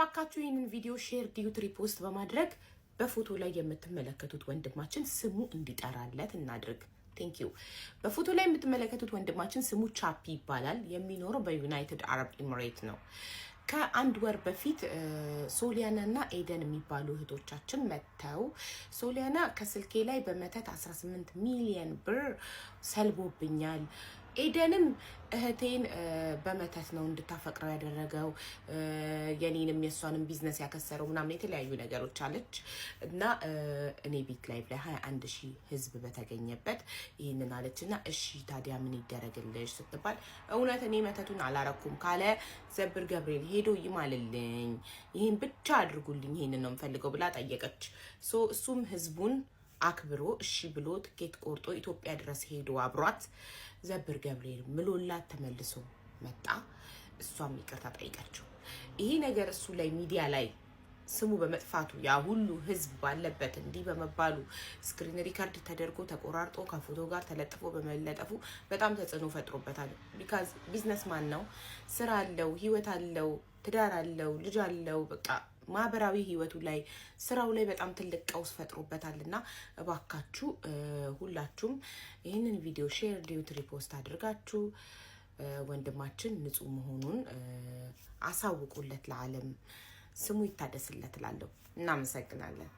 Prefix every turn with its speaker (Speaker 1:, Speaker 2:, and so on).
Speaker 1: እባካችሁ ይህንን ቪዲዮ ሼር፣ ዲዩት፣ ሪፖስት በማድረግ በፎቶ ላይ የምትመለከቱት ወንድማችን ስሙ እንዲጠራለት እናድርግ። ቴንኪዩ። በፎቶ ላይ የምትመለከቱት ወንድማችን ስሙ ቻፒ ይባላል። የሚኖረው በዩናይትድ አረብ ኤምሬት ነው። ከአንድ ወር በፊት ሶሊያና እና ኤደን የሚባሉ እህቶቻችን መጥተው ሶሊያና ከስልኬ ላይ በመተት 18 ሚሊየን ብር ሰልቦብኛል ኤደንም እህቴን በመተት ነው እንድታፈቅረው ያደረገው የኔንም የእሷንም ቢዝነስ ያከሰረው ምናምን የተለያዩ ነገሮች አለች እና እኔ ቤት ላይ ላይ ሀያ አንድ ሺህ ህዝብ በተገኘበት ይህንን አለች እና እሺ ታዲያ ምን ይደረግልሽ ስትባል እውነት እኔ መተቱን አላረኩም ካለ ዘብር ገብርኤል ሄዶ ይማልልኝ፣ ይህን ብቻ አድርጉልኝ፣ ይህንን ነው የምፈልገው ብላ ጠየቀች። እሱም ህዝቡን አክብሮ እሺ ብሎ ትኬት ቆርጦ ኢትዮጵያ ድረስ ሄዶ አብሯት ዘብር ገብርኤል ምሎላት ተመልሶ መጣ። እሷም ይቅርታ ጠይቀችው። ይሄ ነገር እሱ ላይ ሚዲያ ላይ ስሙ በመጥፋቱ ያ ሁሉ ህዝብ ባለበት እንዲህ በመባሉ ስክሪን ሪከርድ ተደርጎ ተቆራርጦ ከፎቶ ጋር ተለጥፎ በመለጠፉ በጣም ተጽዕኖ ፈጥሮበታል። ቢካዝ ቢዝነስ ማን ነው? ስራ አለው፣ ህይወት አለው፣ ትዳር አለው፣ ልጅ አለው። በቃ ማህበራዊ ህይወቱ ላይ ስራው ላይ በጣም ትልቅ ቀውስ ፈጥሮበታል እና እባካችሁ ሁላችሁም ይህንን ቪዲዮ ሼር፣ ዲዩት፣ ሪፖስት አድርጋችሁ ወንድማችን ንጹህ መሆኑን አሳውቁለት፣ ለዓለም ስሙ ይታደስለት እላለሁ። እናመሰግናለን።